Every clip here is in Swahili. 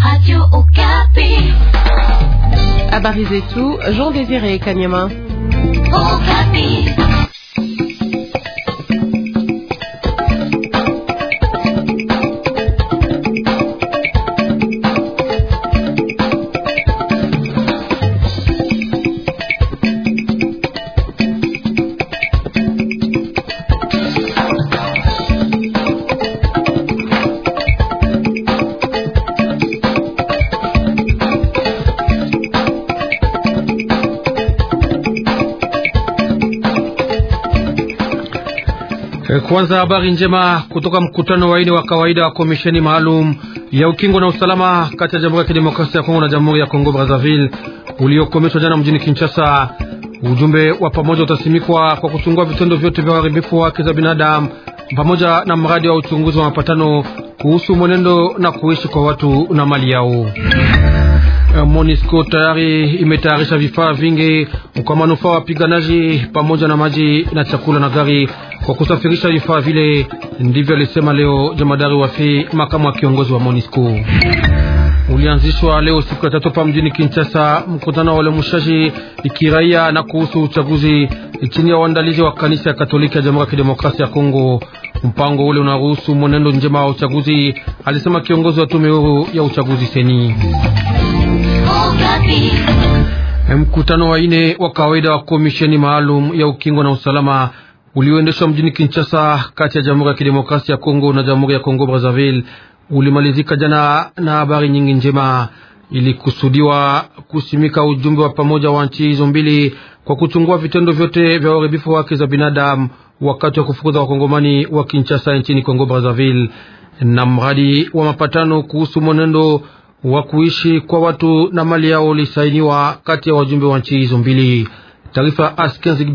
Radio Okapi. Habari tout, Jean Désiré Kanyama. Okapi. Eh, kwanza habari njema kutoka mkutano wa ine wa kawaida wa komisheni maalum ya ukingo na usalama kati ya Jamhuri ya Kidemokrasia ya Kongo na Jamhuri ya Kongo Brazzaville uliokomeshwa jana mjini Kinshasa. Ujumbe wa pamoja utasimikwa kwa kuchungua vitendo vyote vya uharibifu wa haki za binadamu pamoja na mradi wa uchunguzi wa mapatano kuhusu mwenendo na kuishi kwa watu na mali yao. MONUSCO tayari imetayarisha vifaa vingi kwa manufaa wapiganaji pamoja na maji na chakula na gari kwa kusafirisha vifaa vile, ndivyo alisema leo jamadari Wafi, makamu wa kiongozi wa MONUSCO. Ulianzishwa leo siku ya tatu pa mjini Kinshasa mkutano wa lemushaji ikiraia na kuhusu uchaguzi chini ya uandalizi wa kanisa ya Katoliki ya Jamhuri ya Kidemokrasia ya Kongo. Mpango ule unaruhusu mwenendo njema wa uchaguzi, alisema kiongozi wa tume huru ya uchaguzi seni Mkutano wa ine wa kawaida wa komisheni maalum ya ukingo na usalama ulioendeshwa mjini Kinshasa kati ya Jamhuri ya Kidemokrasia ya Kongo na Jamhuri ya Kongo Brazzaville ulimalizika jana na habari nyingi njema. Ilikusudiwa kusimika ujumbe wa pamoja wa nchi hizo mbili kwa kuchungua vitendo vyote vya uharibifu wa haki za binadamu wakati wa kufukuza wakongomani wa Kinshasa nchini Kongo Brazzaville, na mradi wa mapatano kuhusu mwenendo wa kuishi kwa watu na mali yao ulisainiwa kati ya wajumbe wa nchi hizo mbili. Taarifa Askenzig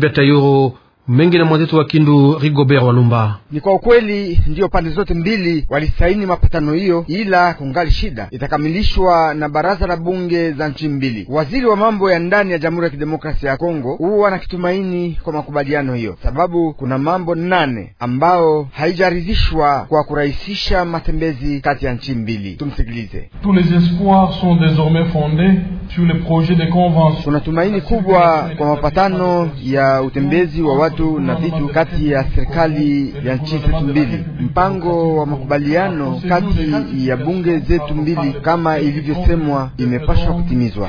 mengi na mwenzetu wa Kindu Rigobert Walumba. Ni kwa ukweli ndiyo pande zote mbili walisaini mapatano hiyo, ila kungali shida, itakamilishwa na baraza la bunge za nchi mbili. Waziri wa mambo ya ndani ya Jamhuri ya Kidemokrasia ya Kongo huwa na kitumaini kwa makubaliano hiyo, sababu kuna mambo nane ambao haijaridhishwa kwa kurahisisha matembezi kati ya nchi mbili. Tumsikilize. Tous les espoirs sont désormais fondés kuna tumaini kubwa kwa mapatano ya utembezi wa watu na vitu kati ya serikali ya nchi zetu mbili, mpango wa makubaliano kati ya bunge zetu mbili kama ilivyosemwa, imepaswa kutimizwa.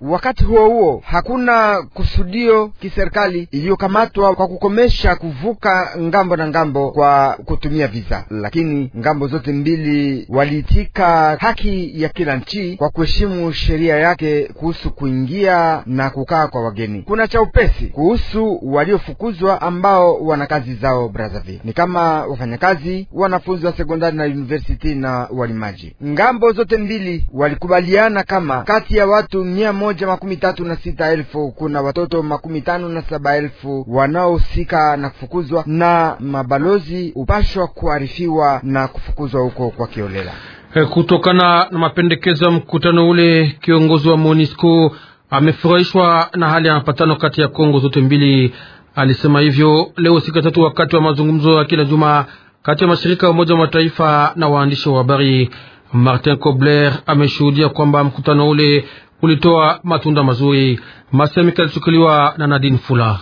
Wakati huo huo, hakuna kusudio kiserikali iliyokamatwa kwa kukomesha kuvuka ngambo na ngambo kwa kutumia viza, lakini ngambo zote mbili waliitika haki ya kila nchi kwa kuheshimu sheria yake kuhusu kuingia na kukaa kwa wageni. Kuna cha upesi kuhusu waliofukuzwa ambao wana kazi zao Brazzaville, ni kama wafanyakazi, wanafunzi wa sekondari na university na walimaji. Ngambo zote mbili walikubaliana kama kati ya watu mia moja makumi tatu na sita elfu kuna watoto makumi tano na saba elfu wanaohusika na kufukuzwa, na mabalozi upashwa kuarifiwa na kufukuzwa huko kwa kiolela. Eh, kutokana na mapendekezo ya mkutano ule, kiongozi wa MONUSCO amefurahishwa na hali ya mapatano kati ya Kongo zote mbili. Alisema hivyo leo siku tatu, wakati wa mazungumzo ya kila juma kati ya mashirika ya Umoja wa Mataifa na waandishi wa habari. Martin Kobler ameshuhudia kwamba mkutano ule ulitoa matunda mazuri. Masemika alichukuliwa na Nadine Fula.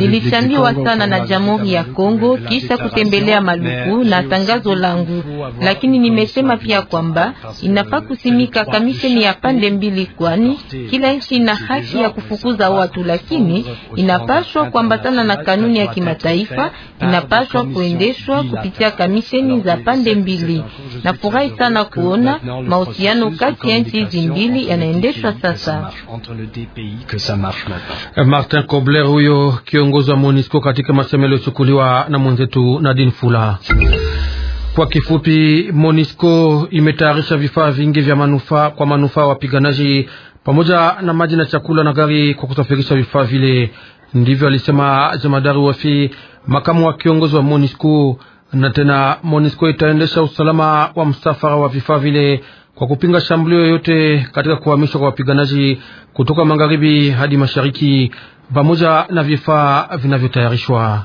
Nilichangiwa sana na Jamhuri ya Kongo kisha kutembelea Maluku na tangazo langu, lakini nimesema pia kwamba inafaa kusimika kamisheni ya pande mbili, kwani kila nchi ina haki ya kufukuza watu, lakini inapaswa kuambatana na kanuni ya kimataifa, inapaswa kuendeshwa kupitia kamisheni za pande mbili. Nafurahi sana kuona mahusiano kati ya nchi hizi mbili yanaendeshwa sasa. Martin Kobler, huyo kiongozi wa Monisco katika masemelo yaliyochukuliwa na mwenzetu Nadine Fula. Kwa kifupi, Monisco imetayarisha vifaa vingi vya manufaa kwa manufaa wapiganaji pamoja na maji na chakula na gari kwa kusafirisha vifaa vile. Ndivyo alisema jemadari Wafi, makamu wa kiongozi wa Monisco. Na tena Monisco itaendesha usalama wa msafara wa vifaa vile kwa kupinga shambulio yoyote katika kuhamishwa kwa wapiganaji kutoka magharibi hadi mashariki pamoja na vifaa vinavyotayarishwa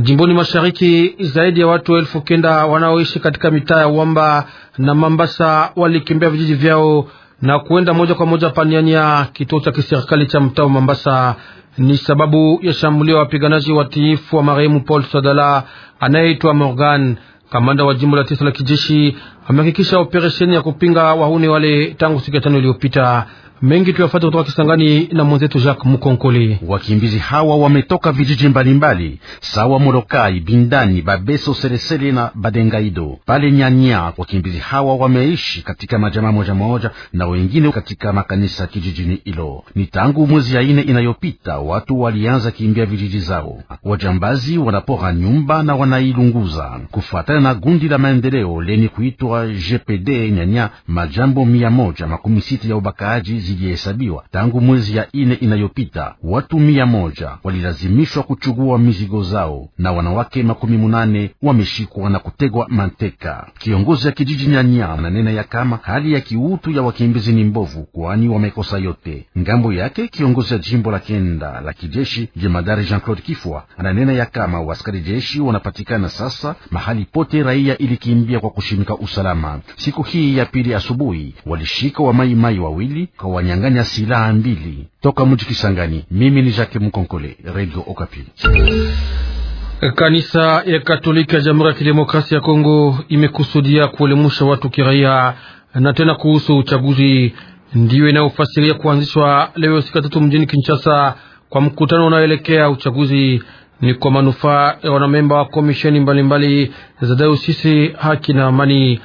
jimboni mashariki. Zaidi ya watu elfu kenda wanaoishi katika mitaa ya wamba na Mambasa walikimbia vijiji vyao na kuenda moja kwa moja Paniania, kituo cha kiserikali cha mtaa wa Mambasa. Ni sababu ya shambulio ya wapiganaji watiifu wa marehemu Paul Sadala anayeitwa Morgan Kamanda wa jimbo la tisa la kijeshi amehakikisha operesheni ya kupinga wahuni wale tangu siku ya tano iliyopita. Mengi tuyafata kutoka Kisangani na mwenzetu Jacques Mukonkole. Wakimbizi hawa wametoka vijiji mbalimbali sawa Morokai, Bindani, Babeso, Seresere na Badengaido pale Nyanya. Wakimbizi hawa wameishi katika majamaa moja moja na wengine katika makanisa kijijini ilo Ni tangu mwezi ya ine inayopita watu walianza kimbia vijiji zao. Wajambazi wanapora nyumba na wanailunguza. Kufuatana na gundi la maendeleo lenye kuitwa GPD Nyanya, majambo mia moja makumi sita ya ubakaaji hazijahesabiwa tangu mwezi ya ine inayopita. Watu mia moja walilazimishwa kuchugua mizigo zao na wanawake makumi munane wameshikwa na kutegwa mateka. Kiongozi ya kijiji Nyanya ananena ya kama hali ya kiutu ya wakimbizi ni mbovu, kwani wamekosa yote. Ngambo yake kiongozi ya jimbo la kenda la kijeshi jemadari Jean Claude Kifwa ananena ya kama waskari jeshi wanapatikana sasa mahali pote raia ilikimbia kwa kushimika usalama. Siku hii ya pili asubuhi walishika wamaimai wawili kwa wanyang'anya silaha mbili toka mji Kisangani. Mimi ni Jacques Mkonkole, Radio Okapi. Kanisa ya Katoliki ya Jamhuri ya Kidemokrasia ya Kongo imekusudia kuelimusha watu kiraia na tena kuhusu uchaguzi, ndiyo inayofasiria kuanzishwa leo siku tatu mjini Kinshasa kwa mkutano unaoelekea uchaguzi. Ni kwa manufaa ya wanamemba wa komisheni mbalimbali za dayosisi haki na amani,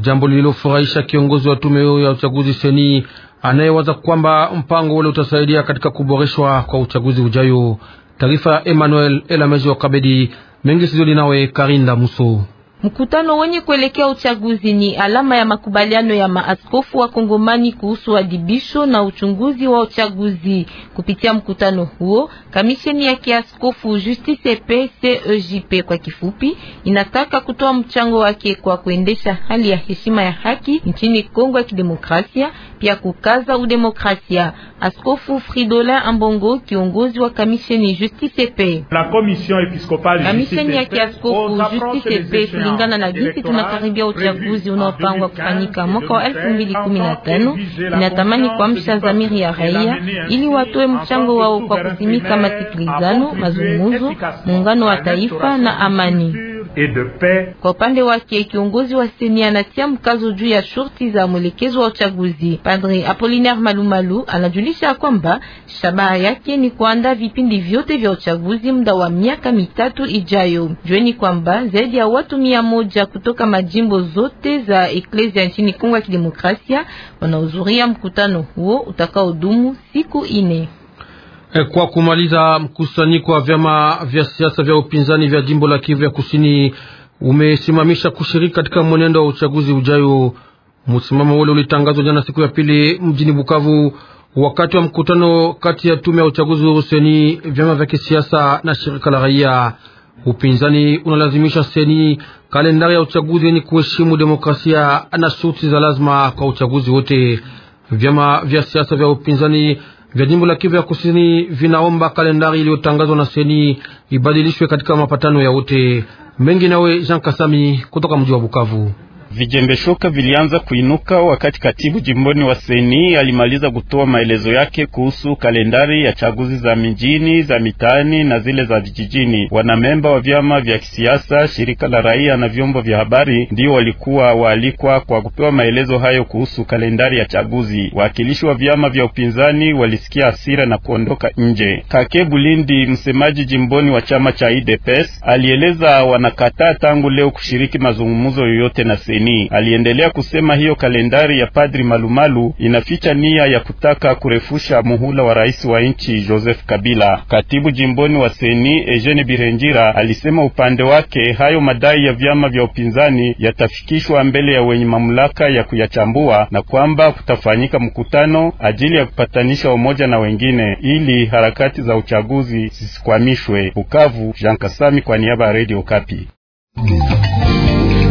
jambo lililofurahisha kiongozi wa tume hiyo ya uchaguzi seni anayewaza kwamba mpango ule utasaidia katika kuboreshwa kwa uchaguzi ujayo. Taarifa ya Emmanuel Elameji wa Kabedi Mengi Sizoli nawe Karinda Muso. Mkutano wenye kuelekea uchaguzi ni alama ya makubaliano ya maaskofu wa Kongomani kuhusu adibisho na uchunguzi wa uchaguzi. Kupitia mkutano huo, kamisheni ya kiaskofu Justice PCEJP e kwa kifupi, inataka kutoa mchango wake kwa kuendesha hali ya heshima ya haki nchini Kongo ya Kidemokrasia, pia kukaza udemokrasia. Askofu Fridolin Ambongo, kiongozi wa kamisheni Justice PCEJP, La commission episcopale Justice PCEJP kulingana na jinsi tunakaribia uchaguzi unaopangwa kufanyika mwaka wa inatamani kwa kuamsha zamiri ya raia ili watoe mchango wao kwa kusimika masikilizano, mazungumzo, muungano wa taifa na amani. Kwa upande wake kiongozi wa seni anatia mkazo juu ya shurti za mwelekezo wa uchaguzi. padri Apollinaire Malumalu anajulisha kwamba shabaha yake ni kuanda vipindi vyote vya uchaguzi muda wa miaka mitatu ijayo. Jueni kwamba zaidi ya watu mia moja kutoka majimbo zote za eklesia nchini Kongo ya Kidemokrasia wanahudhuria mkutano huo utakaodumu siku ine. Eh, kwa kumaliza, mkusanyiko wa vyama vya siasa vya upinzani vya jimbo la Kivu ya Kusini umesimamisha kushiriki katika mwenendo wa uchaguzi ujayo. Msimamo ule ulitangazwa jana siku ya pili mjini Bukavu wakati wa mkutano kati ya tume ya uchaguzi huru seni, vyama vya kisiasa na shirika la raia. Upinzani unalazimisha seni kalendari ya uchaguzi yenye kuheshimu demokrasia na shuti za lazima kwa uchaguzi wote. Vyama vya siasa vya upinzani vya jimbo la Kivu ya Kusini vinaomba kalendari iliyotangazwa na seni ibadilishwe katika mapatano ya wote mengi. Nawe Jean Kasami kutoka mji wa Bukavu shoka vilianza kuinuka wakati katibu jimboni wa seni alimaliza kutoa maelezo yake kuhusu kalendari ya chaguzi za mijini, za mitaani na zile za vijijini. Wanamemba wa vyama vya kisiasa, shirika la raia na vyombo vya habari ndio walikuwa waalikwa kwa kupewa maelezo hayo kuhusu kalendari ya chaguzi. Waakilishi wa vyama vya upinzani walisikia hasira na kuondoka nje. Kake Bulindi, msemaji jimboni wa chama cha IDPS, alieleza wanakataa tangu leo kushiriki mazungumzo yoyote na seni. Beni. Aliendelea kusema hiyo kalendari ya Padri Malumalu inaficha nia ya kutaka kurefusha muhula wa rais wa nchi Joseph Kabila. Katibu jimboni wa Seni Eugene Birenjira alisema upande wake hayo madai ya vyama vya upinzani yatafikishwa mbele ya wenye mamlaka ya kuyachambua na kwamba kutafanyika mkutano ajili ya kupatanisha umoja na wengine ili harakati za uchaguzi zisikwamishwe. Bukavu, Jean Kasami kwa niaba ya Radio Kapi.